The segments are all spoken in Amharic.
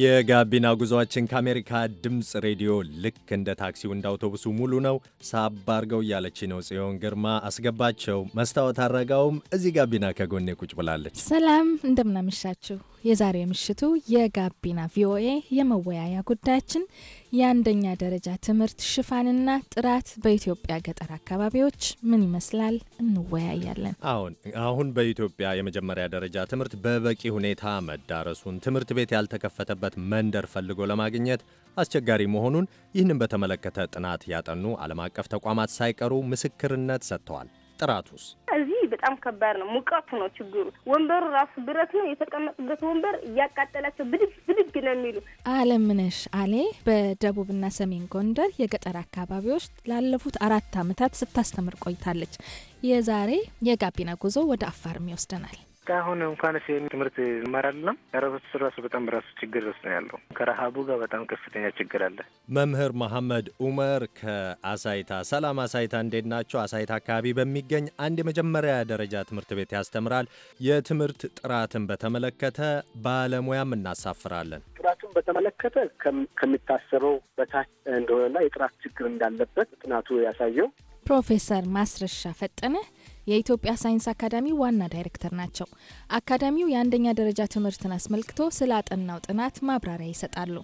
የጋቢና ጉዞአችን ከአሜሪካ ድምፅ ሬዲዮ ልክ እንደ ታክሲው እንደ አውቶቡሱ ሙሉ ነው። ሳብ አርገው እያለች ነው ጽዮን ግርማ አስገባቸው። መስታወት አረጋውም እዚህ ጋቢና ከጎኔ ቁጭ ብላለች። ሰላም እንደምናመሻችሁ የዛሬ ምሽቱ የጋቢና ቪኦኤ የመወያያ ጉዳያችን የአንደኛ ደረጃ ትምህርት ሽፋንና ጥራት በኢትዮጵያ ገጠር አካባቢዎች ምን ይመስላል እንወያያለን። አሁን አሁን በኢትዮጵያ የመጀመሪያ ደረጃ ትምህርት በበቂ ሁኔታ መዳረሱን፣ ትምህርት ቤት ያልተከፈተበት መንደር ፈልጎ ለማግኘት አስቸጋሪ መሆኑን ይህንን በተመለከተ ጥናት ያጠኑ ዓለም አቀፍ ተቋማት ሳይቀሩ ምስክርነት ሰጥተዋል። ጥራቱስ? በጣም ከባድ ነው። ሙቀቱ ነው ችግሩ። ወንበሩ ራሱ ብረት ነው። የተቀመጡበት ወንበር እያቃጠላቸው ብድግ ብድግ ነው የሚሉ። አለምነሽ አሌ በደቡብና ሰሜን ጎንደር የገጠር አካባቢዎች ላለፉት አራት ዓመታት ስታስተምር ቆይታለች። የዛሬ የጋቢና ጉዞ ወደ አፋርም ይወስደናል። አሁን እንኳን ትምህርት ይማራለም ረሱ ራሱ በጣም ራሱ ችግር ውስጥ ያለው። ከረሃቡ ጋር በጣም ከፍተኛ ችግር አለ። መምህር መሐመድ ኡመር ከአሳይታ። ሰላም አሳይታ፣ እንዴት ናቸው? አሳይታ አካባቢ በሚገኝ አንድ የመጀመሪያ ደረጃ ትምህርት ቤት ያስተምራል። የትምህርት ጥራትን በተመለከተ ባለሙያም እናሳፍራለን። ጥራቱን በተመለከተ ከሚታሰበው በታች እንደሆነና የጥራት ችግር እንዳለበት ጥናቱ ያሳየው ፕሮፌሰር ማስረሻ ፈጠነ የኢትዮጵያ ሳይንስ አካዳሚ ዋና ዳይሬክተር ናቸው። አካዳሚው የአንደኛ ደረጃ ትምህርትን አስመልክቶ ስለ አጠናው ጥናት ማብራሪያ ይሰጣሉ።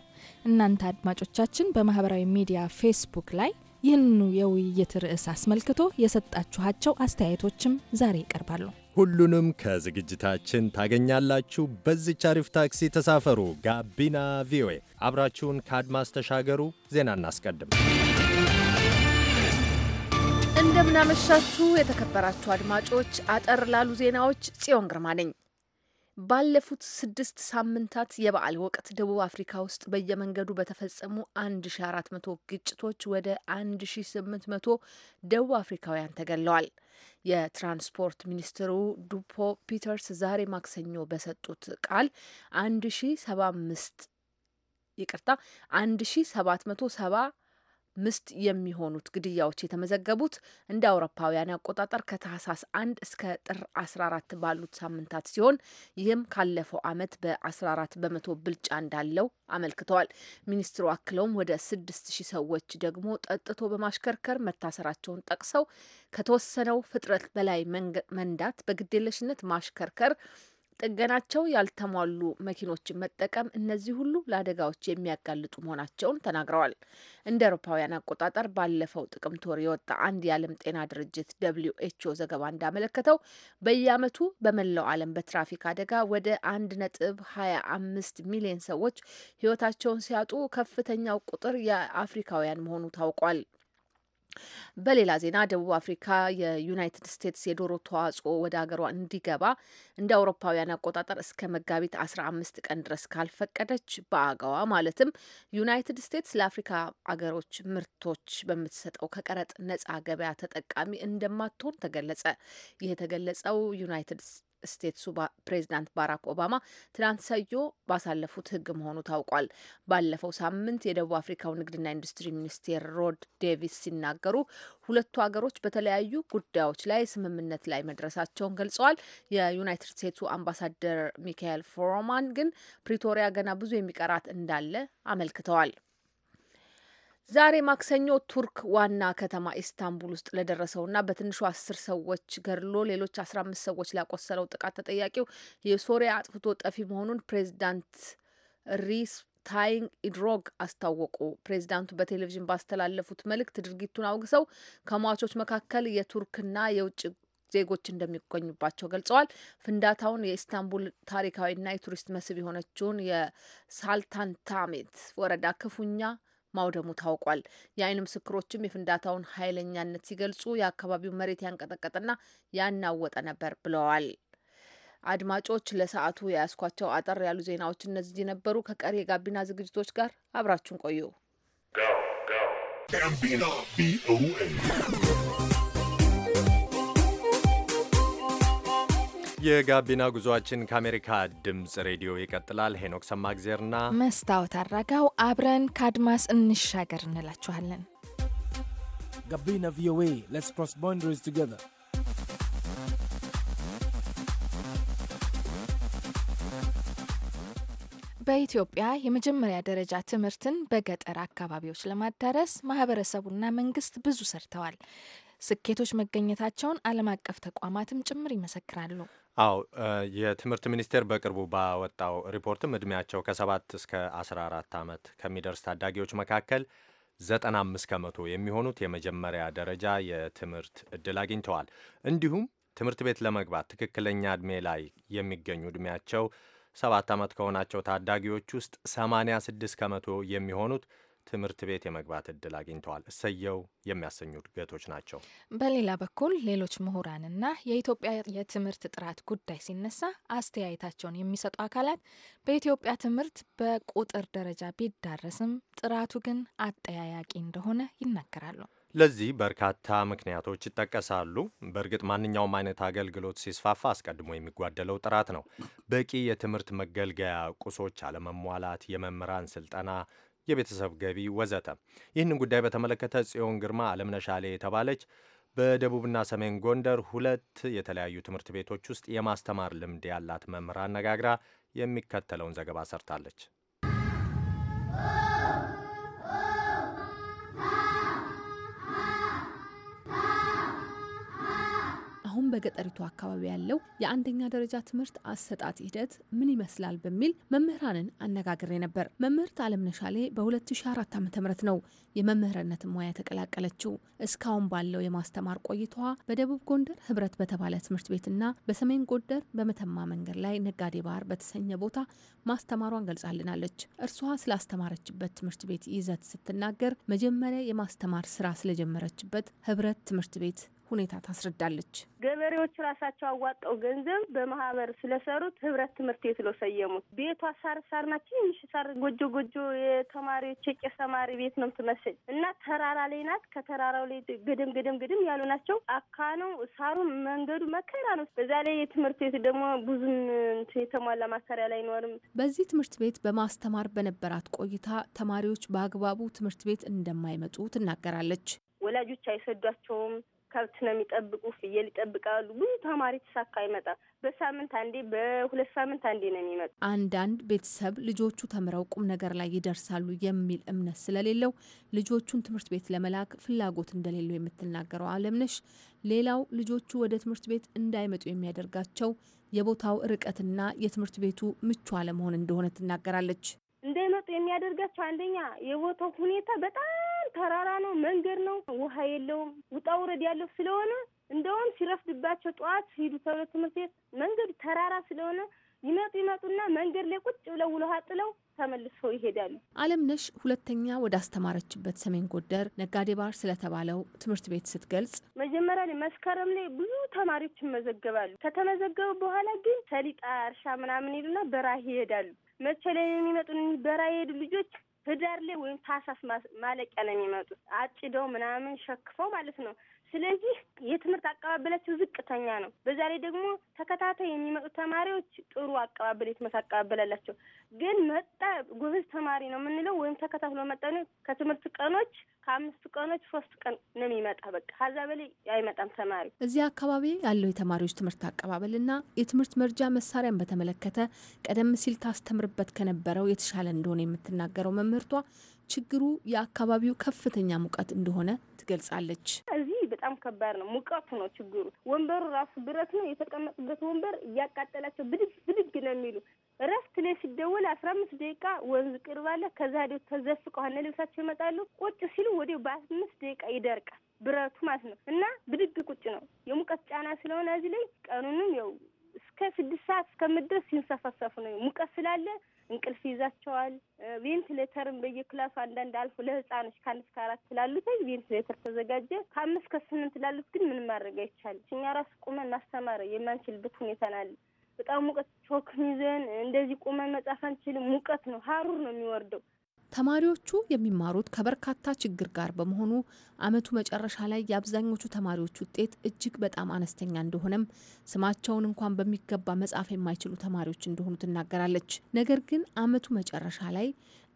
እናንተ አድማጮቻችን በማህበራዊ ሚዲያ ፌስቡክ ላይ ይህንኑ የውይይት ርዕስ አስመልክቶ የሰጣችኋቸው አስተያየቶችም ዛሬ ይቀርባሉ። ሁሉንም ከዝግጅታችን ታገኛላችሁ። በዚች አሪፍ ታክሲ ተሳፈሩ። ጋቢና ቪኦኤ፣ አብራችሁን ከአድማስ ተሻገሩ። ዜና እናስቀድም። እንደምናመሻችሁ የተከበራችሁ አድማጮች፣ አጠር ላሉ ዜናዎች ጽዮን ግርማ ነኝ። ባለፉት ስድስት ሳምንታት የበዓል ወቅት ደቡብ አፍሪካ ውስጥ በየመንገዱ በተፈጸሙ 1400 ግጭቶች ወደ 1800 ደቡብ አፍሪካውያን ተገለዋል። የትራንስፖርት ሚኒስትሩ ዱፖ ፒተርስ ዛሬ ማክሰኞ በሰጡት ቃል 1075 ይቅርታ 1770 ምስት የሚሆኑት ግድያዎች የተመዘገቡት እንደ አውሮፓውያን አቆጣጠር ከታህሳስ አንድ እስከ ጥር 14 ባሉት ሳምንታት ሲሆን ይህም ካለፈው ዓመት በ14 በመቶ ብልጫ እንዳለው አመልክተዋል። ሚኒስትሩ አክለውም ወደ 6000 ሰዎች ደግሞ ጠጥቶ በማሽከርከር መታሰራቸውን ጠቅሰው ከተወሰነው ፍጥረት በላይ መንዳት፣ በግዴለሽነት ማሽከርከር ጥገናቸው ያልተሟሉ መኪኖችን መጠቀም እነዚህ ሁሉ ለአደጋዎች የሚያጋልጡ መሆናቸውን ተናግረዋል። እንደ አውሮፓውያን አቆጣጠር ባለፈው ጥቅምት ወር የወጣ አንድ የዓለም ጤና ድርጅት ደብሊው ኤች ኦ ዘገባ እንዳመለከተው በየዓመቱ በመላው ዓለም በትራፊክ አደጋ ወደ አንድ ነጥብ ሀያ አምስት ሚሊዮን ሰዎች ህይወታቸውን ሲያጡ ከፍተኛው ቁጥር የአፍሪካውያን መሆኑ ታውቋል። በሌላ ዜና ደቡብ አፍሪካ የዩናይትድ ስቴትስ የዶሮ ተዋጽኦ ወደ ሀገሯ እንዲገባ እንደ አውሮፓውያን አቆጣጠር እስከ መጋቢት 15 ቀን ድረስ ካልፈቀደች በአገዋ ማለትም ዩናይትድ ስቴትስ ለአፍሪካ አገሮች ምርቶች በምትሰጠው ከቀረጥ ነጻ ገበያ ተጠቃሚ እንደማትሆን ተገለጸ። ይህ የተገለጸው ዩናይትድ ስቴትሱ ፕሬዚዳንት ባራክ ኦባማ ትናንት ሰዮ ባሳለፉት ህግ መሆኑ ታውቋል። ባለፈው ሳምንት የደቡብ አፍሪካው ንግድና ኢንዱስትሪ ሚኒስቴር ሮድ ዴቪስ ሲናገሩ ሁለቱ ሀገሮች በተለያዩ ጉዳዮች ላይ ስምምነት ላይ መድረሳቸውን ገልጸዋል። የዩናይትድ ስቴትሱ አምባሳደር ሚካኤል ፎሮማን ግን ፕሪቶሪያ ገና ብዙ የሚቀራት እንዳለ አመልክተዋል። ዛሬ ማክሰኞ ቱርክ ዋና ከተማ ኢስታንቡል ውስጥ ለደረሰውና በትንሹ አስር ሰዎች ገድሎ ሌሎች አስራ አምስት ሰዎች ላቆሰለው ጥቃት ተጠያቂው የሶሪያ አጥፍቶ ጠፊ መሆኑን ፕሬዚዳንት ሪስ ታይንግ ኢድሮግ አስታወቁ። ፕሬዚዳንቱ በቴሌቪዥን ባስተላለፉት መልእክት ድርጊቱን አውግሰው ከሟቾች መካከል የቱርክና የውጭ ዜጎች እንደሚገኙባቸው ገልጸዋል። ፍንዳታውን የኢስታንቡል ታሪካዊና የቱሪስት መስህብ የሆነችውን የሳልታንታሜት ወረዳ ክፉኛ ማውደሙ ታውቋል። የአይን ምስክሮችም የፍንዳታውን ኃይለኛነት ሲገልጹ የአካባቢው መሬት ያንቀጠቀጠና ያናወጠ ነበር ብለዋል። አድማጮች ለሰዓቱ የያዝኳቸው አጠር ያሉ ዜናዎች እነዚህ ነበሩ። ከቀሪ የጋቢና ዝግጅቶች ጋር አብራችሁን ቆዩ። የጋቢና ጉዞአችን ከአሜሪካ ድምፅ ሬዲዮ ይቀጥላል። ሄኖክ ሰማግዜርና መስታወት አራጋው አብረን ከአድማስ እንሻገር እንላችኋለን። ጋቢና ቪኦኤ ሌትስ ክሮስ ቦንደሪስ ቱጌዘር በኢትዮጵያ የመጀመሪያ ደረጃ ትምህርትን በገጠር አካባቢዎች ለማዳረስ ማህበረሰቡና መንግስት ብዙ ሰርተዋል። ስኬቶች መገኘታቸውን ዓለም አቀፍ ተቋማትም ጭምር ይመሰክራሉ። አው የትምህርት ሚኒስቴር በቅርቡ ባወጣው ሪፖርትም እድሜያቸው ከሰባት እስከ አስራ አራት ዓመት ከሚደርስ ታዳጊዎች መካከል ዘጠና አምስት ከመቶ የሚሆኑት የመጀመሪያ ደረጃ የትምህርት እድል አግኝተዋል። እንዲሁም ትምህርት ቤት ለመግባት ትክክለኛ ዕድሜ ላይ የሚገኙ ዕድሜያቸው ሰባት ዓመት ከሆናቸው ታዳጊዎች ውስጥ 86 ከመቶ የሚሆኑት ትምህርት ቤት የመግባት እድል አግኝተዋል። እሰየው የሚያሰኙ እድገቶች ናቸው። በሌላ በኩል ሌሎች ምሁራንና የኢትዮጵያ የትምህርት ጥራት ጉዳይ ሲነሳ አስተያየታቸውን የሚሰጡ አካላት በኢትዮጵያ ትምህርት በቁጥር ደረጃ ቢዳረስም ጥራቱ ግን አጠያያቂ እንደሆነ ይናገራሉ። ለዚህ በርካታ ምክንያቶች ይጠቀሳሉ። በእርግጥ ማንኛውም አይነት አገልግሎት ሲስፋፋ አስቀድሞ የሚጓደለው ጥራት ነው። በቂ የትምህርት መገልገያ ቁሶች አለመሟላት፣ የመምህራን ስልጠና የቤተሰብ ገቢ ወዘተ። ይህንን ጉዳይ በተመለከተ ጽዮን ግርማ አለምነሻሌ የተባለች በደቡብና ሰሜን ጎንደር ሁለት የተለያዩ ትምህርት ቤቶች ውስጥ የማስተማር ልምድ ያላት መምህር አነጋግራ የሚከተለውን ዘገባ ሰርታለች። አሁን በገጠሪቱ አካባቢ ያለው የአንደኛ ደረጃ ትምህርት አሰጣጥ ሂደት ምን ይመስላል በሚል መምህራንን አነጋግሬ ነበር። መምህርት አለምነሻሌ በ2004 ም ነው የመምህርነት ሙያ የተቀላቀለችው። እስካሁን ባለው የማስተማር ቆይታዋ በደቡብ ጎንደር ህብረት በተባለ ትምህርት ቤትና በሰሜን ጎንደር በመተማ መንገድ ላይ ነጋዴ ባህር በተሰኘ ቦታ ማስተማሯን ገልጻልናለች። እርሷ ስላስተማረችበት ትምህርት ቤት ይዘት ስትናገር መጀመሪያ የማስተማር ስራ ስለጀመረችበት ህብረት ትምህርት ቤት ሁኔታ ታስረዳለች። ገበሬዎች ራሳቸው አዋጣው ገንዘብ በማህበር ስለሰሩት ህብረት ትምህርት ቤት ነው ሰየሙት። ቤቷ ሳር ሳር ናት። ትንሽ ሳር ጎጆ ጎጆ የተማሪዎች የቄ ተማሪ ቤት ነው ትመስል እና ተራራ ላይ ናት። ከተራራው ላይ ግድም ግድም ግድም ያሉ ናቸው። አካ ነው ሳሩ፣ መንገዱ መከራ ነው። በዛ ላይ የትምህርት ቤት ደግሞ ብዙም የተሟላ ማሰሪያ አይኖርም። በዚህ ትምህርት ቤት በማስተማር በነበራት ቆይታ ተማሪዎች በአግባቡ ትምህርት ቤት እንደማይመጡ ትናገራለች። ወላጆች አይሰዷቸውም። ከብት ነው የሚጠብቁ፣ ፍየል ይጠብቃሉ። ብዙ ተማሪ ተሳካ ይመጣ በሳምንት አንዴ፣ በሁለት ሳምንት አንዴ ነው የሚመጡ። አንዳንድ ቤተሰብ ልጆቹ ተምረው ቁም ነገር ላይ ይደርሳሉ የሚል እምነት ስለሌለው ልጆቹን ትምህርት ቤት ለመላክ ፍላጎት እንደሌለው የምትናገረው አለምነሽ፣ ሌላው ልጆቹ ወደ ትምህርት ቤት እንዳይመጡ የሚያደርጋቸው የቦታው ርቀትና የትምህርት ቤቱ ምቹ አለመሆን እንደሆነ ትናገራለች። እንዳይመጡ የሚያደርጋቸው አንደኛ የቦታው ሁኔታ በጣም ተራራ ነው፣ መንገድ ነው፣ ውሃ የለውም፣ ውጣ ውረድ ያለው ስለሆነ እንደውም ሲረፍድባቸው ጠዋት ሲሄዱ ተብሎ ትምህርት ቤት መንገዱ ተራራ ስለሆነ ይመጡ ይመጡና መንገድ ላይ ቁጭ ብለው ውለሃ ጥለው ተመልሰው ይሄዳሉ። አለምነሽ ሁለተኛ ወደ አስተማረችበት ሰሜን ጎንደር ነጋዴ ባር ስለተባለው ትምህርት ቤት ስትገልጽ መጀመሪያ ላይ መስከረም ላይ ብዙ ተማሪዎች ይመዘገባሉ። ከተመዘገቡ በኋላ ግን ሰሊጣ እርሻ ምናምን ይሉና በራህ ይሄዳሉ። መቼ ላይ ነው የሚመጡ? በራ የሄዱ ልጆች ህዳር ላይ ወይም ታህሳስ ማለቂያ ነው የሚመጡት አጭደው ምናምን ሸክፈው ማለት ነው። ስለዚህ የትምህርት አቀባበላቸው ዝቅተኛ ነው። በዛ ላይ ደግሞ ተከታታይ የሚመጡ ተማሪዎች ጥሩ አቀባበል የትምህርት አቀባበላላቸው ግን መጣ ጎበዝ ተማሪ ነው የምንለው ወይም ተከታትሎ መጣ ከትምህርት ቀኖች ከአምስት ቀኖች ሶስት ቀን ነው የሚመጣ። በቃ ከዛ በላይ አይመጣም ተማሪ። እዚህ አካባቢ ያለው የተማሪዎች ትምህርት አቀባበልና የትምህርት መርጃ መሳሪያን በተመለከተ ቀደም ሲል ታስተምርበት ከነበረው የተሻለ እንደሆነ የምትናገረው መምህርቷ ችግሩ የአካባቢው ከፍተኛ ሙቀት እንደሆነ ትገልጻለች። እዚህ በጣም ከባድ ነው፣ ሙቀቱ ነው ችግሩ። ወንበሩ ራሱ ብረት ነው። የተቀመጡበት ወንበር እያቃጠላቸው ብድግ አስራ አምስት ደቂቃ ወንዝ ቅርብ አለ። ከዛ ዲ ተዘፍቀው ሀነ ልብሳቸው ይመጣሉ። ቁጭ ሲሉ ወዲያው በአምስት ደቂቃ ይደርቃል ብረቱ ማለት ነው። እና ብድግ ቁጭ ነው የሙቀት ጫና ስለሆነ እዚህ ላይ ቀኑንም ያው እስከ ስድስት ሰዓት እስከምድረስ ሲንሰፈሰፉ ነው። ሙቀት ስላለ እንቅልፍ ይዛቸዋል። ቬንትሌተርን በየክላሱ አንዳንድ አልፎ ለህፃኖች ከአንድ እስከ አራት ላሉት ቬንትሌተር ተዘጋጀ። ከአምስት ከስምንት ላሉት ግን ምን ማድረግ አይቻልም። እኛ ራሱ ቁመን ማስተማር የማንችልበት ሁኔታ ናለ በጣም ሙቀት ቾክን ይዘን እንደዚህ ቁመን መጻፍ አንችልም። ሙቀት ነው፣ ሀሩር ነው የሚወርደው። ተማሪዎቹ የሚማሩት ከበርካታ ችግር ጋር በመሆኑ አመቱ መጨረሻ ላይ የአብዛኞቹ ተማሪዎች ውጤት እጅግ በጣም አነስተኛ እንደሆነም ስማቸውን እንኳን በሚገባ መጻፍ የማይችሉ ተማሪዎች እንደሆኑ ትናገራለች። ነገር ግን አመቱ መጨረሻ ላይ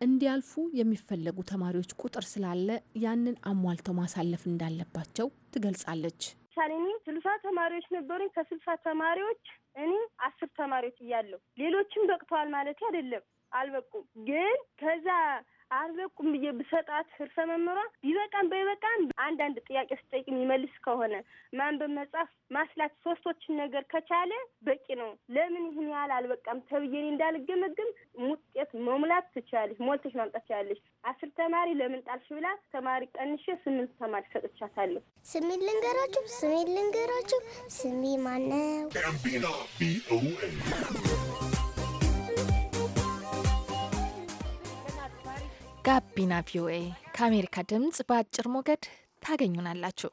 እንዲያልፉ የሚፈለጉ ተማሪዎች ቁጥር ስላለ ያንን አሟልተው ማሳለፍ እንዳለባቸው ትገልጻለች። ምሳሌ ስልሳ ተማሪዎች ነበሩኝ። ከስልሳ ተማሪዎች እኔ አስር ተማሪዎች እያለሁ ሌሎችም በቅተዋል ማለት አይደለም፣ አልበቁም። ግን ከዛ አልበቁም ብዬ ብሰጣት ርዕሰ መምህሯ ቢበቃም ባይበቃም አንዳንድ ጥያቄ ስጠይቅ የሚመልስ ከሆነ ማንበብ፣ መጻፍ፣ ማስላት ሶስቶችን ነገር ከቻለ በቂ ነው። ለምን ይህን ያህል አልበቃም ተብዬ እኔ እንዳልገመግም ውጤት መሙላት ትችላለች፣ ሞልተሽ ማምጣት ትችላለች። አስር ተማሪ ለምን ጣልሽ ብላ ተማሪ ቀንሼ ስምንት ተማሪ ሰጥቻታለሁ። ስሜ ልንገራችሁ፣ ስሜ ልንገራችሁ፣ ስሜ ማነው? ጋቢና ቪኦኤ ከአሜሪካ ድምፅ በአጭር ሞገድ ታገኙናላችሁ።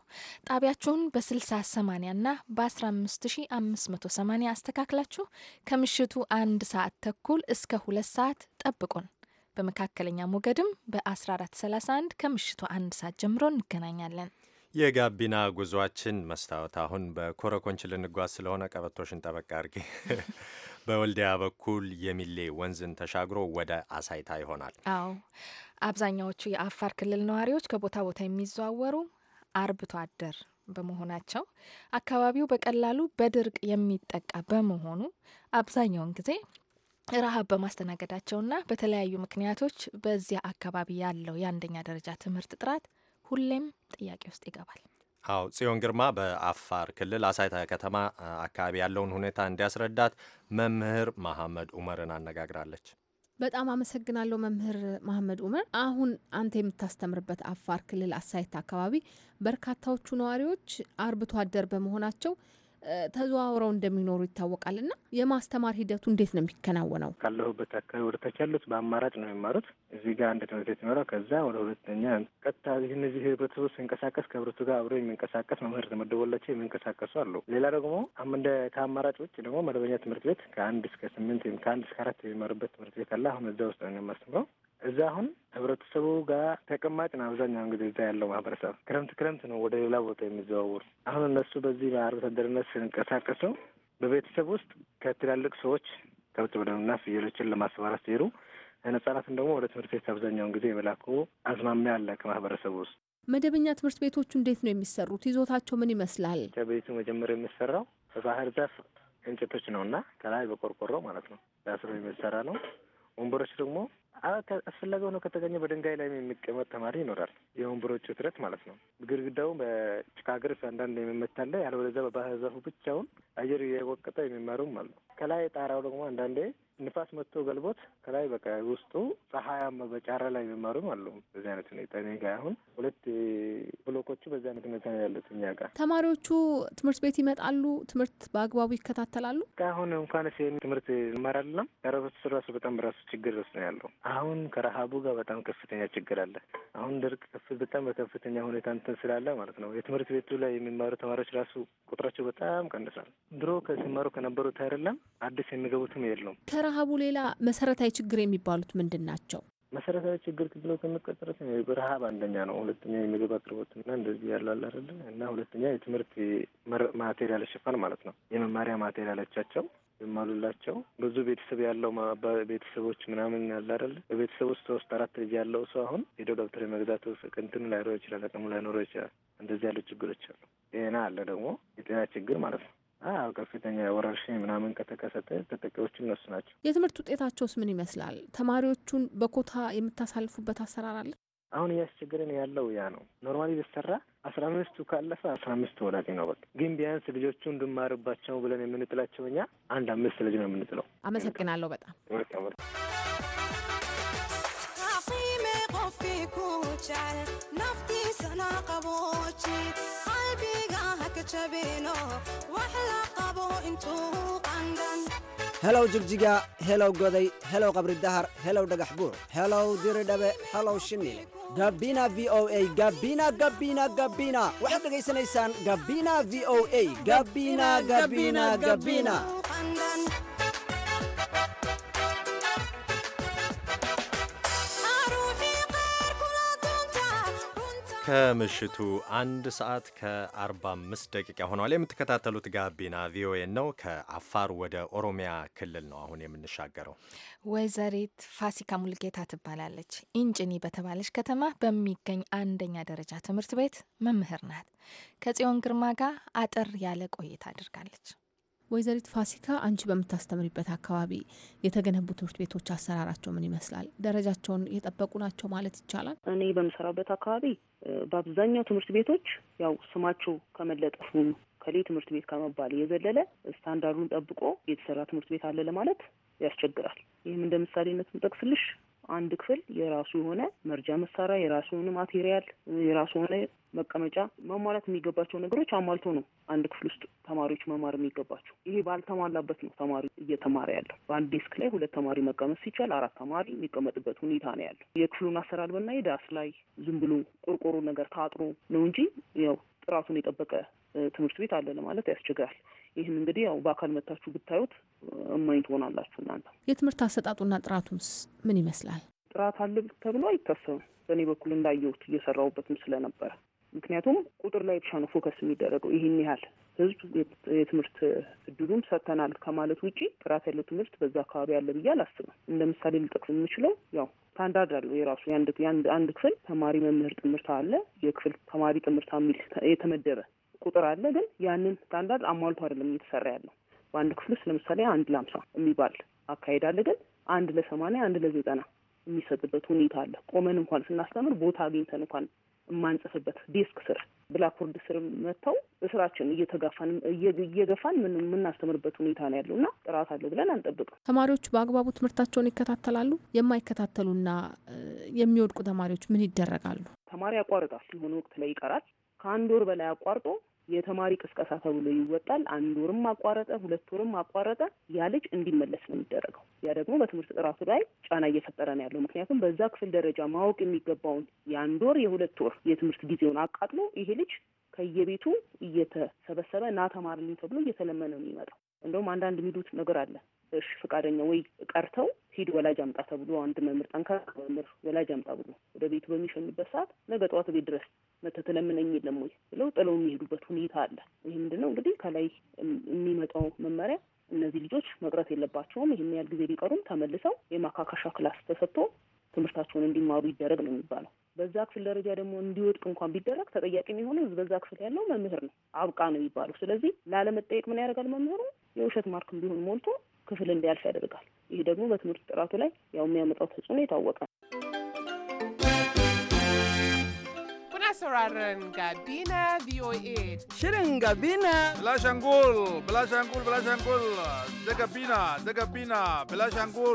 ጣቢያችሁን በ6080 እና በ15580 አስተካክላችሁ ከምሽቱ አንድ ሰዓት ተኩል እስከ ሁለት ሰዓት ጠብቁን። በመካከለኛ ሞገድም በ1431 ከምሽቱ አንድ ሰዓት ጀምሮ እንገናኛለን። የጋቢና ጉዟችን መስታወት፣ አሁን በኮረኮንች ልንጓዝ ስለሆነ ቀበቶሽን ጠበቃ አርጌ በወልዲያ በኩል የሚሌ ወንዝን ተሻግሮ ወደ አሳይታ ይሆናል። አዎ አብዛኛዎቹ የአፋር ክልል ነዋሪዎች ከቦታ ቦታ የሚዘዋወሩ አርብቶ አደር በመሆናቸው አካባቢው በቀላሉ በድርቅ የሚጠቃ በመሆኑ አብዛኛውን ጊዜ ረሃብ በማስተናገዳቸውና በተለያዩ ምክንያቶች በዚያ አካባቢ ያለው የአንደኛ ደረጃ ትምህርት ጥራት ሁሌም ጥያቄ ውስጥ ይገባል። አዎ ጽዮን ግርማ በአፋር ክልል አሳይታ ከተማ አካባቢ ያለውን ሁኔታ እንዲያስረዳት መምህር መሐመድ ኡመርን አነጋግራለች። በጣም አመሰግናለሁ መምህር መሐመድ ኡመር። አሁን አንተ የምታስተምርበት አፋር ክልል አሳይታ አካባቢ በርካታዎቹ ነዋሪዎች አርብቶ አደር በመሆናቸው ተዘዋውረው እንደሚኖሩ ይታወቃል። እና የማስተማር ሂደቱ እንዴት ነው የሚከናወነው? ካለሁበት አካባቢ ወደ ታች ያሉት በአማራጭ ነው የሚማሩት። እዚህ ጋር አንድ ትምህርት ቤት ይኖረው ከዛ ወደ ሁለተኛ ቀጥታ እዚህ እነዚህ ህብረተሰቡ ሲንቀሳቀስ ከህብረቱ ጋር አብሮ የሚንቀሳቀስ መምህር ተመደቦላቸው የሚንቀሳቀሱ አሉ። ሌላ ደግሞ እንደ ከአማራጭ ውጭ ደግሞ መደበኛ ትምህርት ቤት ከአንድ እስከ ስምንት ወይም ከአንድ እስከ አራት የሚማሩበት ትምህርት ቤት አለ። አሁን እዛ ውስጥ ነው የማስተምረው። እዛ አሁን ህብረተሰቡ ጋር ተቀማጭ ነው። አብዛኛውን ጊዜ እዛ ያለው ማህበረሰብ ክረምት ክረምት ነው ወደ ሌላ ቦታ የሚዘዋውር። አሁን እነሱ በዚህ በአርብቶ አደርነት በቤተሰብ ውስጥ ከትላልቅ ሰዎች ከብት በደምና ፍየሎችን ለማሰማራት ሲሄዱ ህጻናትን ደግሞ ወደ ትምህርት ቤት አብዛኛውን ጊዜ የመላኩ አዝማሚያ አለ ከማህበረሰቡ ውስጥ። መደበኛ ትምህርት ቤቶቹ እንዴት ነው የሚሰሩት? ይዞታቸው ምን ይመስላል? ከቤቱ መጀመሪያ የሚሰራው በባህር ዛፍ እንጨቶች ነው እና ከላይ በቆርቆሮ ማለት ነው ዳስሮ የሚሰራ ነው። ወንበሮች ደግሞ አስፈላጊ ሆኖ ከተገኘ በድንጋይ ላይ የሚቀመጥ ተማሪ ይኖራል። የወንበሮች እጥረት ማለት ነው። ግድግዳው በጭቃ ግርፍ አንዳንድ የሚመታለ ያለበለዚያ በባህር ዛፉ ብቻውን አየር የወቀጠ የሚማሩም አሉ። ከላይ ጣራው ደግሞ አንዳንዴ ንፋስ መጥቶ ገልቦት ከላይ በቃ ውስጡ ፀሐያማ በጫረ ላይ የሚማሩም አሉ። በዚህ አይነት ሁኔታ እኔ ጋ አሁን ሁለት ብሎኮቹ በዚህ አይነት ሁኔታ ነው ያሉት። እኛ ጋር ተማሪዎቹ ትምህርት ቤት ይመጣሉ። ትምህርት በአግባቡ ይከታተላሉ። አሁን እንኳን ሴ ትምህርት ይማራልና አይደለም ያረበቱ ራሱ በጣም ራሱ ችግር ስ ነው ያለው። አሁን ከረሃቡ ጋር በጣም ከፍተኛ ችግር አለ። አሁን ድርቅ ከፍ በጣም በከፍተኛ ሁኔታ እንትን ስላለ ማለት ነው የትምህርት ቤቱ ላይ የሚማሩ ተማሪዎች ራሱ ቁጥራቸው በጣም ቀንሳል። ድሮ ከሲማሩ ከነበሩት አይደለም አዲስ የሚገቡትም የለውም። ከረሃቡ ሌላ መሰረታዊ ችግር የሚባሉት ምንድን ናቸው? መሰረታዊ ችግር ብለው ከመቀጠረት ረሀብ አንደኛ ነው። ሁለተኛ የምግብ አቅርቦት አቅርቦትና እንደዚህ ያሉ አለ አይደለ እና ሁለተኛ የትምህርት ማቴሪያል ሽፋን ማለት ነው። የመማሪያ ማቴሪያሎቻቸው የማሉላቸው ብዙ ቤተሰብ ያለው ቤተሰቦች ምናምን ያለ አይደለ በቤተሰብ ውስጥ ሶስት አራት ልጅ ያለው ሰው አሁን ሄደው ደብተር የመግዛት ቅንትን ላይኖረው ይችላል፣ አቅሙ ላይኖረው ይችላል። እንደዚህ ያሉ ችግሮች አሉ። ጤና አለ ደግሞ የጤና ችግር ማለት ነው። አዎ ከፍተኛ ወረርሽኝ ምናምን ከተከሰተ ተጠቂዎች እነሱ ናቸው። የትምህርት ውጤታቸውስ ምን ይመስላል? ተማሪዎቹን በኮታ የምታሳልፉበት አሰራር አለ? አሁን እያስቸገረን ያለው ያ ነው። ኖርማሊ ብሰራ አስራ አምስቱ ካለፈ አስራ አምስት ወላጅ ነው። በቃ ግን ቢያንስ ልጆቹ እንድማርባቸው ብለን የምንጥላቸው እኛ አንድ አምስት ልጅ ነው የምንጥለው። አመሰግናለሁ በጣም helow jigjiga helow goday helow qabri dahar helow dhagax buur helow diridhabe helow shiniile gabina v o a gabina gabina gabina waxaad dhegaysanaysaan gabina v o a gabina gabina gabina ከምሽቱ አንድ ሰዓት ከ45 ደቂቃ ሆኗል። የምትከታተሉት ጋቢና ቪኦኤ ነው። ከአፋር ወደ ኦሮሚያ ክልል ነው አሁን የምንሻገረው። ወይዘሪት ፋሲካ ሙልጌታ ትባላለች። ኢንጭኒ በተባለች ከተማ በሚገኝ አንደኛ ደረጃ ትምህርት ቤት መምህር ናት። ከጽዮን ግርማ ጋር አጠር ያለ ቆይታ አድርጋለች። ወይዘሪት ፋሲካ አንቺ በምታስተምሪበት አካባቢ የተገነቡ ትምህርት ቤቶች አሰራራቸው ምን ይመስላል? ደረጃቸውን የጠበቁ ናቸው ማለት ይቻላል? እኔ በምሰራበት አካባቢ በአብዛኛው ትምህርት ቤቶች ያው ስማቸው ከመለጠፉ ከሌ ትምህርት ቤት ከመባል የዘለለ ስታንዳርዱን ጠብቆ የተሰራ ትምህርት ቤት አለ ለማለት ያስቸግራል። ይህም እንደ ምሳሌነት ምጠቅስልሽ አንድ ክፍል የራሱ የሆነ መርጃ መሳሪያ፣ የራሱ የሆነ ማቴሪያል፣ የራሱ የሆነ መቀመጫ መሟላት የሚገባቸው ነገሮች አሟልቶ ነው አንድ ክፍል ውስጥ ተማሪዎች መማር የሚገባቸው። ይሄ ባልተሟላበት ነው ተማሪ እየተማረ ያለው። በአንድ ዴስክ ላይ ሁለት ተማሪ መቀመጥ ሲቻል አራት ተማሪ የሚቀመጥበት ሁኔታ ነው ያለው። የክፍሉን አሰራር ብናይ ዳስ ላይ ዝም ብሎ ቆርቆሮ ነገር ታጥሮ ነው እንጂ ያው ጥራቱን የጠበቀ ትምህርት ቤት አለ ለማለት ያስቸግራል። ይህን እንግዲህ ያው በአካል መታችሁ ብታዩት እማኝ ትሆናላችሁ። እናንተ የትምህርት አሰጣጡና ጥራቱንስ ምን ይመስላል? ጥራት አለ ተብሎ አይታሰብም። በእኔ በኩል እንዳየሁት እየሰራሁበትም ስለነበረ ምክንያቱም ቁጥር ላይ ብቻ ነው ፎከስ የሚደረገው። ይህን ያህል ህዝብ የትምህርት እድሉም ሰጥተናል ከማለት ውጪ ጥራት ያለው ትምህርት በዛ አካባቢ አለ ብዬ አላስብም። እንደ ምሳሌ ልጠቅስ የምችለው ያው ስታንዳርድ አለው የራሱ አንድ ክፍል ተማሪ መምህር ጥምርታ አለ፣ የክፍል ተማሪ ጥምርታ የሚል የተመደበ ቁጥር አለ፣ ግን ያንን ስታንዳርድ አሟልቶ አይደለም እየተሰራ ያለው። በአንድ ክፍል ውስጥ ለምሳሌ አንድ ለአምሳ የሚባል አካሄድ አለ፣ ግን አንድ ለሰማንያ አንድ ለዘጠና የሚሰጥበት ሁኔታ አለ። ቆመን እንኳን ስናስተምር ቦታ አግኝተን እንኳን የማንጽፍበት ዴስክ ስር ብላክቦርድ ስር መጥተው እስራችን እየተጋፋን እየገፋን የምናስተምርበት ሁኔታ ነው ያለው እና ጥራት አለው ብለን አንጠብቅም። ተማሪዎቹ በአግባቡ ትምህርታቸውን ይከታተላሉ። የማይከታተሉና የሚወድቁ ተማሪዎች ምን ይደረጋሉ? ተማሪ ያቋርጣል። የሆነ ወቅት ላይ ይቀራል። ከአንድ ወር በላይ አቋርጦ የተማሪ ቅስቀሳ ተብሎ ይወጣል። አንድ ወርም አቋረጠ፣ ሁለት ወርም አቋረጠ፣ ያ ልጅ እንዲመለስ ነው የሚደረገው። ያ ደግሞ በትምህርት ጥራቱ ላይ ጫና እየፈጠረ ነው ያለው። ምክንያቱም በዛ ክፍል ደረጃ ማወቅ የሚገባውን የአንድ ወር የሁለት ወር የትምህርት ጊዜውን አቃጥሎ ይሄ ልጅ ከየቤቱ እየተሰበሰበ ና ተማርልኝ ተብሎ እየተለመነ ነው የሚመጣው። እንደውም አንዳንድ የሚሉት ነገር አለ። እሺ ፈቃደኛ ወይ ቀርተው ሂድ ወላጅ አምጣ ተብሎ አንድ መምህር ጠንካራ መምህር ወላጅ አምጣ ብሎ ወደ ቤቱ በሚሸኝበት ሰዓት ነገ ጠዋት ቤት ድረስ መተት ለምነኝ የለም ወይ ብለው ጥለው የሚሄዱበት ሁኔታ አለ። ይህ ምንድን ነው እንግዲህ ከላይ የሚመጣው መመሪያ እነዚህ ልጆች መቅረት የለባቸውም። ይህን ያህል ጊዜ ቢቀሩም ተመልሰው የማካካሻ ክላስ ተሰጥቶ ትምህርታቸውን እንዲማሩ ይደረግ ነው የሚባለው። በዛ ክፍል ደረጃ ደግሞ እንዲወድቅ እንኳን ቢደረግ ተጠያቂ የሚሆነው በዛ ክፍል ያለው መምህር ነው። አብቃ ነው የሚባለው። ስለዚህ ላለመጠየቅ ምን ያደርጋል መምህሩ የውሸት ማርክም ቢሆን ሞልቶ ክፍል እንዲያልፍ ያደርጋል። ይህ ደግሞ በትምህርት ጥራቱ ላይ ያው የሚያመጣው ተጽዕኖ የታወቀ ነው። ጋቢና ብላሻንጉል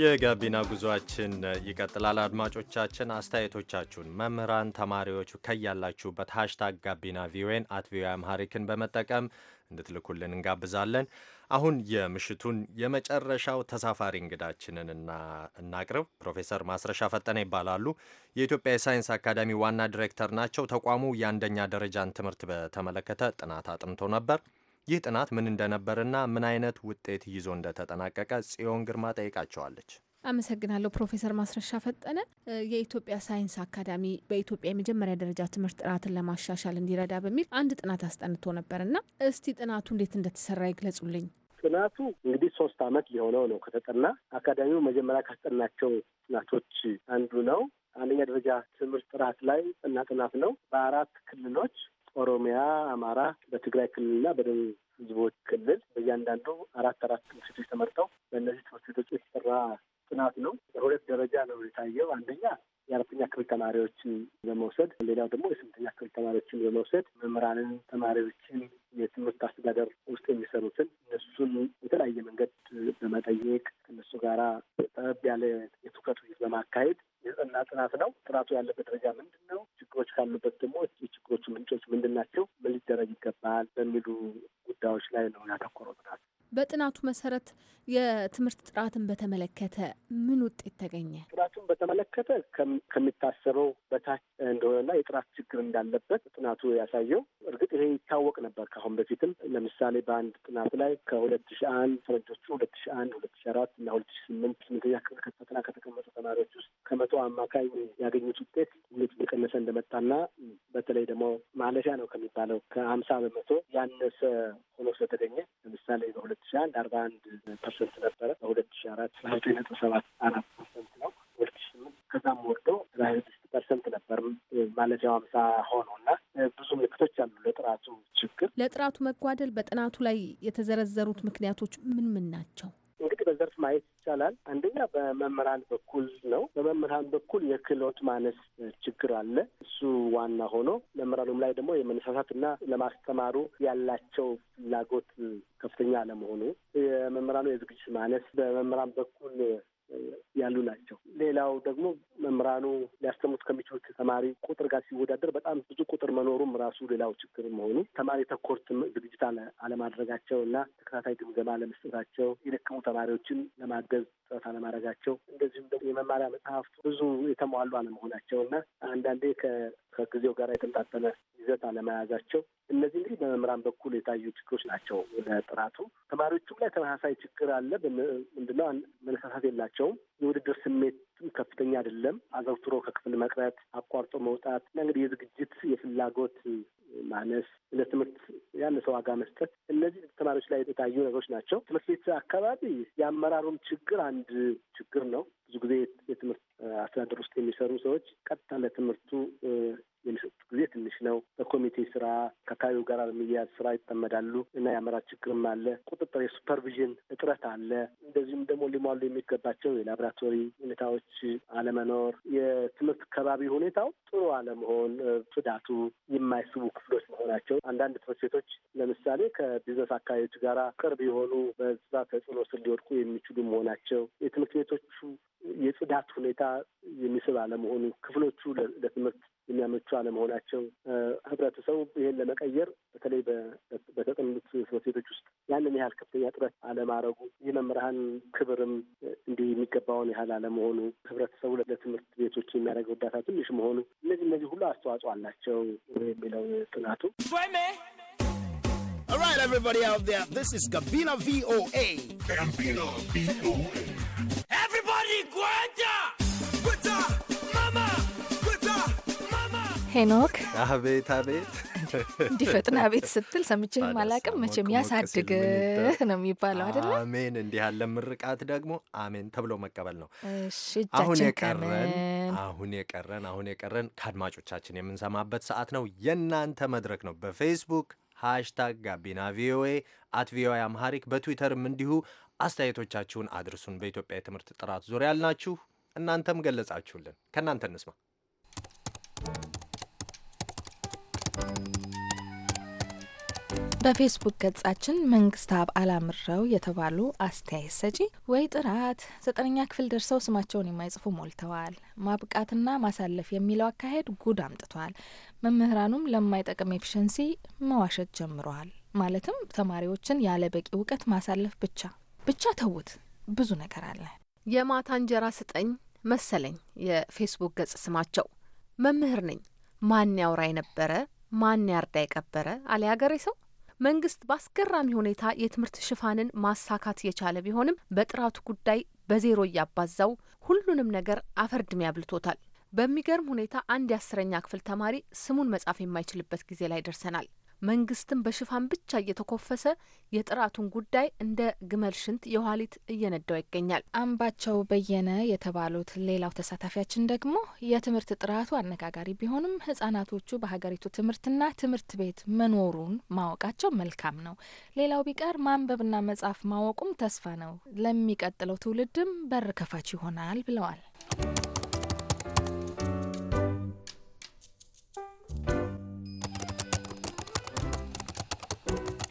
የጋቢና ጉዞአችን ይቀጥላል። አድማጮቻችን አስተያየቶቻችሁን መምህራን፣ ተማሪዎች ከያላችሁበት ሀሽታግ ጋቢና ቪዌን አት ቪኦኤ አምሃሪክን በመጠቀም እንድትልኩልን እንጋብዛለን። አሁን የምሽቱን የመጨረሻው ተሳፋሪ እንግዳችንን እናቅርብ። ፕሮፌሰር ማስረሻ ፈጠነ ይባላሉ። የኢትዮጵያ የሳይንስ አካዳሚ ዋና ዲሬክተር ናቸው። ተቋሙ የአንደኛ ደረጃን ትምህርት በተመለከተ ጥናት አጥንቶ ነበር። ይህ ጥናት ምን እንደነበርና ምን አይነት ውጤት ይዞ እንደተጠናቀቀ ጽዮን ግርማ ጠይቃቸዋለች። አመሰግናለሁ ፕሮፌሰር ማስረሻ ፈጠነ። የኢትዮጵያ ሳይንስ አካዳሚ በኢትዮጵያ የመጀመሪያ ደረጃ ትምህርት ጥራትን ለማሻሻል እንዲረዳ በሚል አንድ ጥናት አስጠንቶ ነበርና እስቲ ጥናቱ እንዴት እንደተሰራ ይግለጹልኝ። ጥናቱ እንግዲህ ሶስት አመት ሊሆነው ነው ከተጠና። አካዳሚው መጀመሪያ ካስጠናቸው ጥናቶች አንዱ ነው። አንደኛ ደረጃ ትምህርት ጥራት ላይ ጥና ጥናት ነው። በአራት ክልሎች ኦሮሚያ፣ አማራ፣ በትግራይ ክልልና በደቡብ ህዝቦች ክልል በእያንዳንዱ አራት አራት ትምህርት ቤቶች ተመርጠው በእነዚህ ትምህርት ቤቶች የተሰራ ጥናት ነው። በሁለት ደረጃ ነው የታየው። አንደኛ የአራተኛ ክፍል ተማሪዎችን በመውሰድ ሌላው ደግሞ የስምንተኛ ክፍል ተማሪዎችን በመውሰድ መምህራንን፣ ተማሪዎችን፣ የትምህርት አስተዳደር ውስጥ የሚሰሩትን እነሱን የተለያየ መንገድ በመጠየቅ ከነሱ ጋራ ጠብ ያለ የትኩረት ውይይት በማካሄድ የጽና ጥናት ነው። ጥናቱ ያለበት ደረጃ ምንድን ነው? ችግሮች ካሉበት ደግሞ የችግሮቹ ምንጮች ምንድን ናቸው? ምን ሊደረግ ይገባል? በሚሉ ጉዳዮች ላይ ነው ያተኮረው ጥናት። በጥናቱ መሰረት የትምህርት ጥራትን በተመለከተ ምን ውጤት ተገኘ? ጥራቱን በተመለከተ ከሚታሰበው በታች እንደሆነና የጥራት ችግር እንዳለበት ጥናቱ ያሳየው። እርግጥ ይሄ ይታወቅ ነበር ከአሁን በፊትም ለምሳሌ በአንድ ጥናት ላይ ከሁለት ሺ አንድ ፈረንጆቹ ሁለት ሺ አንድ ሁለት ሺ አራት እና ሁለት ሺ ስምንት ስምንተኛ ክፍል ከተፈተና ከተቀመጡ ተማሪዎች ውስጥ ከመቶ አማካይ ያገኙት ውጤት እንዴት እየቀነሰ እንደመጣና በተለይ ደግሞ ማለፊያ ነው ከሚባለው ከሀምሳ በመቶ ያነሰ ሆኖ ስለተገኘ ለምሳሌ በሁለት ሁለት ሺ አንድ አርባ አንድ ፐርሰንት ነበረ። በሁለት ሺ አራት ስራ ዘጠኝ ነጥብ ሰባት አራት ፐርሰንት ነው። ሁለት ሺ ስምንት ከዛም ወርዶ ስራ ስድስት ፐርሰንት ነበር ማለት ያው አምሳ ሆኖ እና ብዙ ምልክቶች አሉ ለጥራቱ ችግር ለጥራቱ መጓደል። በጥናቱ ላይ የተዘረዘሩት ምክንያቶች ምን ምን ናቸው? በዘርፍ ማየት ይቻላል። አንደኛ በመምህራን በኩል ነው። በመምህራን በኩል የክህሎት ማነስ ችግር አለ። እሱ ዋና ሆኖ መምህራኑም ላይ ደግሞ የመነሳሳትና ለማስተማሩ ያላቸው ፍላጎት ከፍተኛ አለመሆኑ፣ የመምህራኑ የዝግጅት ማነስ በመምህራን በኩል ያሉ ናቸው። ሌላው ደግሞ መምህራኑ ሊያስተምሩት ከሚችሉት ተማሪ ቁጥር ጋር ሲወዳደር በጣም ብዙ ቁጥር መኖሩም ራሱ ሌላው ችግር መሆኑ፣ ተማሪ ተኮር ዝግጅት አለማድረጋቸው እና ተከታታይ ግምገማ አለመስጠታቸው፣ የደከሙ ተማሪዎችን ለማገዝ ጥረት አለማድረጋቸው፣ እንደዚሁም ደግሞ የመማሪያ መጽሐፍቱ ብዙ የተሟሉ አለመሆናቸው እና አንዳንዴ ከ ከጊዜው ጋር የተመጣጠነ ይዘት አለመያዛቸው፣ እነዚህ እንግዲህ በመምህራን በኩል የታዩ ችግሮች ናቸው። ለጥራቱ ተማሪዎቹም ላይ ተመሳሳይ ችግር አለ። ምንድነው መነሳሳት የላቸውም። የውድድር ስሜትም ከፍተኛ አይደለም። አዘውትሮ ከክፍል መቅረት፣ አቋርጦ መውጣት እና እንግዲህ የዝግጅት የፍላጎት ማነስ፣ ለትምህርት ያነሰ ዋጋ መስጠት፣ እነዚህ ተማሪዎች ላይ የታዩ ነገሮች ናቸው። ትምህርት ቤት አካባቢ የአመራሩም ችግር አንድ ችግር ነው። ብዙ ጊዜ የትምህርት አስተዳደር ውስጥ የሚሰሩ ሰዎች ቀጥታ ለትምህርቱ የሚሰጡት ጊዜ ትንሽ ነው። በኮሚቴ ስራ ከአካባቢው ጋር በሚያያዝ ስራ ይጠመዳሉ እና የአመራር ችግርም አለ። ቁጥጥር የሱፐርቪዥን እጥረት አለ። እንደዚሁም ደግሞ ሊሟሉ የሚገባቸው የላቦራቶሪ ሁኔታዎች አለመኖር፣ የትምህርት ከባቢ ሁኔታው ጥሩ አለመሆን፣ ጽዳቱ የማይስቡ ክፍሎች መሆናቸው አንዳንድ ትምህርት ቤቶች ለምሳሌ ከቢዝነስ አካባቢዎች ጋር ቅርብ የሆኑ በዛ ተጽዕኖ ስር ሊወድቁ የሚችሉ መሆናቸው የትምህርት ቤቶቹ የጽዳት ሁኔታ የሚስብ አለመሆኑ ክፍሎቹ ለትምህርት የሚያመቹ አለመሆናቸው ህብረተሰቡ ይህን ለመቀየር በተለይ በተጠኑት ትምህርት ቤቶች ውስጥ ያንን ያህል ከፍተኛ ጥረት አለማድረጉ የመምህራን ክብርም እንዲህ የሚገባውን ያህል አለመሆኑ ህብረተሰቡ ለትምህርት ቤቶች የሚያደርገው እርዳታ ትንሽ መሆኑ እነዚህ እነዚህ ሁሉ አስተዋጽኦ አላቸው የሚለው ጥናቱ። All right, everybody out there, this is Gabina VOA. Gabina VOA. ሄኖክ አቤት አቤት እንዲፈጥን አቤት ስትል ሰምቼ አላቅም። መቼም ያሳድግህ ነው የሚባለው አይደለ? አሜን። እንዲህ ያለ ምርቃት ደግሞ አሜን ተብሎ መቀበል ነው። አሁን የቀረን አሁን የቀረን አሁን የቀረን ከአድማጮቻችን የምንሰማበት ሰዓት ነው። የእናንተ መድረክ ነው። በፌስቡክ ሃሽታግ ጋቢና ቪኦኤ አት ቪኦኤ አምሃሪክ፣ በትዊተርም እንዲሁ አስተያየቶቻችሁን አድርሱን። በኢትዮጵያ የትምህርት ጥራት ዙሪያ ያልናችሁ እናንተም ገለጻችሁልን። ከእናንተ እንስማ። በፌስቡክ ገጻችን መንግስት አብ አላምረው የተባሉ አስተያየት ሰጪ ወይ ጥራት ዘጠነኛ ክፍል ደርሰው ስማቸውን የማይጽፉ ሞልተዋል። ማብቃትና ማሳለፍ የሚለው አካሄድ ጉድ አምጥቷል። መምህራኑም ለማይጠቅም ኤፊሽንሲ መዋሸት ጀምረዋል። ማለትም ተማሪዎችን ያለ በቂ እውቀት ማሳለፍ ብቻ ብቻ ተውት። ብዙ ነገር አለ። የማታ እንጀራ ስጠኝ መሰለኝ የፌስቡክ ገጽ ስማቸው። መምህር ነኝ ማን ያውራ የነበረ ማን ያርዳ የቀበረ አለ ያገሬ ሰው። መንግስት በአስገራሚ ሁኔታ የትምህርት ሽፋንን ማሳካት የቻለ ቢሆንም በጥራቱ ጉዳይ በዜሮ እያባዛው ሁሉንም ነገር አፈርድሜ አብልቶታል። በሚገርም ሁኔታ አንድ የአስረኛ ክፍል ተማሪ ስሙን መጻፍ የማይችልበት ጊዜ ላይ ደርሰናል። መንግስትን በሽፋን ብቻ እየተኮፈሰ የጥራቱን ጉዳይ እንደ ግመል ሽንት የኋሊት እየነዳው ይገኛል። አምባቸው በየነ የተባሉት ሌላው ተሳታፊያችን ደግሞ የትምህርት ጥራቱ አነጋጋሪ ቢሆንም ህጻናቶቹ በሀገሪቱ ትምህርትና ትምህርት ቤት መኖሩን ማወቃቸው መልካም ነው። ሌላው ቢቀር ማንበብና መጻፍ ማወቁም ተስፋ ነው፣ ለሚቀጥለው ትውልድም በር ከፋች ይሆናል ብለዋል።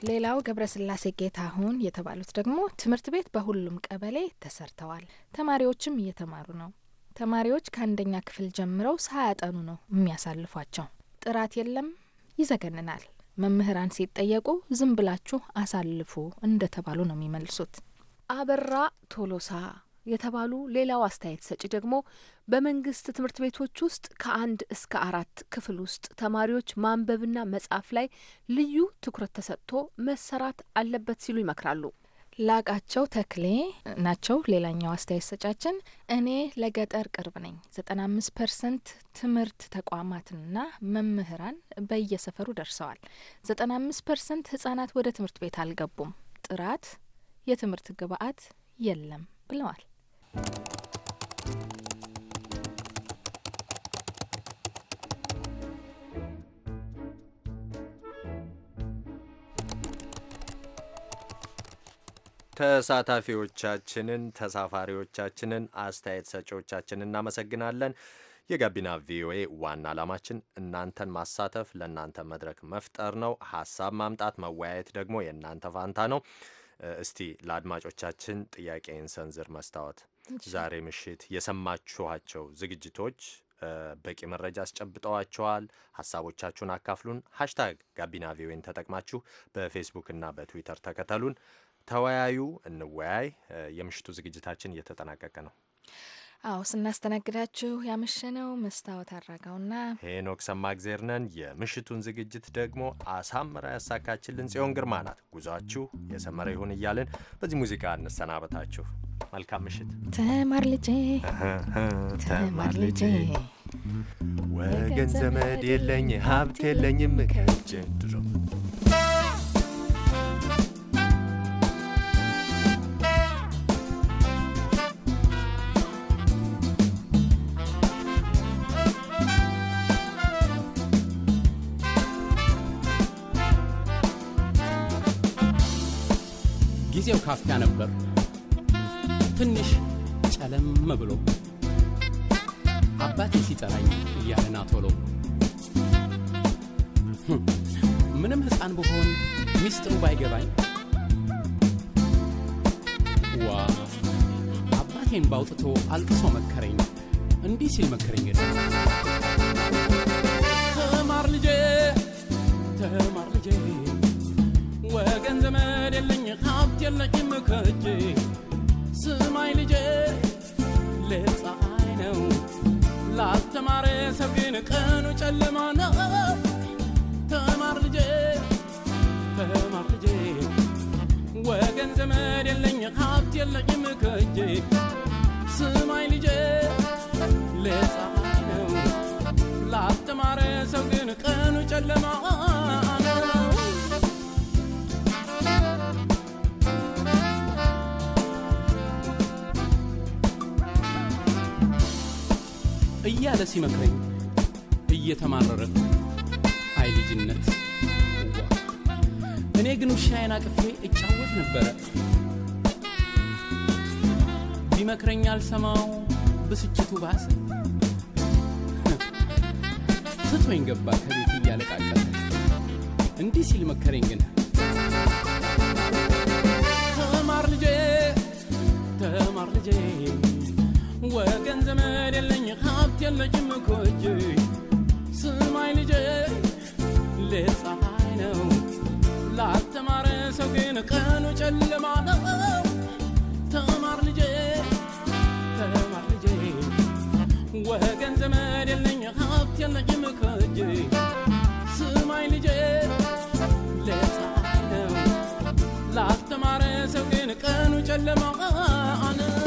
ሌላው ገብረስላሴ ጌታሁን የተባሉት ደግሞ ትምህርት ቤት በሁሉም ቀበሌ ተሰርተዋል። ተማሪዎችም እየተማሩ ነው። ተማሪዎች ከአንደኛ ክፍል ጀምረው ሳያጠኑ ነው የሚያሳልፏቸው። ጥራት የለም፣ ይዘገንናል። መምህራን ሲጠየቁ ዝም ብላችሁ አሳልፉ እንደተባሉ ነው የሚመልሱት። አበራ ቶሎሳ የተባሉ ሌላው አስተያየት ሰጪ ደግሞ በመንግስት ትምህርት ቤቶች ውስጥ ከአንድ እስከ አራት ክፍል ውስጥ ተማሪዎች ማንበብና መጻፍ ላይ ልዩ ትኩረት ተሰጥቶ መሰራት አለበት ሲሉ ይመክራሉ። ላቃቸው ተክሌ ናቸው። ሌላኛው አስተያየት ሰጫችን እኔ ለገጠር ቅርብ ነኝ። ዘጠና አምስት ፐርሰንት ትምህርት ተቋማትንና መምህራን በየሰፈሩ ደርሰዋል። ዘጠና አምስት ፐርሰንት ህጻናት ወደ ትምህርት ቤት አልገቡም። ጥራት የትምህርት ግብአት የለም ብለዋል። ተሳታፊዎቻችንን፣ ተሳፋሪዎቻችንን፣ አስተያየት ሰጪዎቻችንን እናመሰግናለን። የጋቢና ቪኦኤ ዋና ዓላማችን እናንተን ማሳተፍ ለእናንተ መድረክ መፍጠር ነው። ሀሳብ ማምጣት መወያየት ደግሞ የእናንተ ፋንታ ነው። እስቲ ለአድማጮቻችን ጥያቄን ሰንዝር። መስታወት፣ ዛሬ ምሽት የሰማችኋቸው ዝግጅቶች በቂ መረጃ አስጨብጠዋቸዋል? ሀሳቦቻችሁን አካፍሉን። ሀሽታግ ጋቢና ቪኦኤን ተጠቅማችሁ በፌስቡክ እና በትዊተር ተከተሉን። ተወያዩ፣ እንወያይ። የምሽቱ ዝግጅታችን እየተጠናቀቀ ነው። አዎ ስናስተናግዳችሁ ያመሸነው መስታወት አድራጋውና ሄኖክ ሰማእግዜር ነን። የምሽቱን ዝግጅት ደግሞ አሳምራ ያሳካችልን ጽዮን ግርማ ናት። ጉዟችሁ የሰመረ ይሁን እያልን በዚህ ሙዚቃ እንሰናበታችሁ። መልካም ምሽት። ተማር ልጄ፣ ተማር ልጄ፣ ወገን ዘመድ የለኝ ሀብት የለኝም ከጀ ጊዜው ካፊያ ነበር ትንሽ ጨለም ብሎ አባቴ ሲጠራኝ እያለና ቶሎ hm, ምንም ሕፃን ብሆን ሚስጥሩ ባይገባኝ ዋ አባቴን ባውጥቶ አልቅሶ መከረኝ እንዲህ ሲል መከረኝ ገ ተማር ልጄ ተማር ልጄ ወገን ዘመድ የለኝ ሀብት የለኝም ከእጄ ስማይ ልጄ ለፀሐይ ነው ላስተማረ ሰው ግን ቀኑ ጨለማ ነው ተማር ልጄ ተማር ልጄ ወገን ዘመድ የለኝ ሀብት የለኝም ከእጄ ስማይ ልጄ ለፀሐይ ነው ላስተማረ ሰው ግን ቀኑ ጨለማ እያለ ሲመክረኝ እየተማረረ አይ ልጅነት እኔ ግን ውሻዬን አቅፌ እጫወት ነበረ ቢመክረኝ አልሰማው ብስጭቱ ባሰ ስቶኝ ገባ ከቤት እያለቃቀ እንዲህ ሲል መከረኝ ግን ተማር ልጄ ተማር ልጄ وكان زمان يلي خابت يلي جمكوجي سمعي لجي ليت ፀሐይ ነው ላልተማረ ሰው ግን ቀኑ ጨለማ ነው ተማር ልጄ ተማር ልጄ ወገን ዘመድ የለኝ ሀብት የለኝም ከእጄ ስማይ ልጄ ለፀሐይ ነው ላልተማረ ሰው ግን ቀኑ ጨለማ ነው